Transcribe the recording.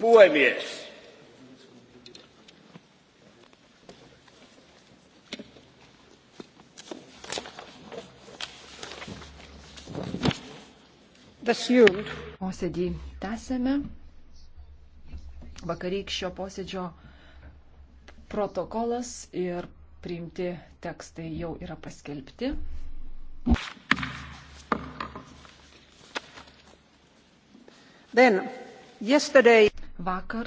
Puhemies. Posėdį tęsėme. Vakarykščio posėdžio protokolas ir priimti tekstai jau yra paskelbti. Then Yesterday. Vakar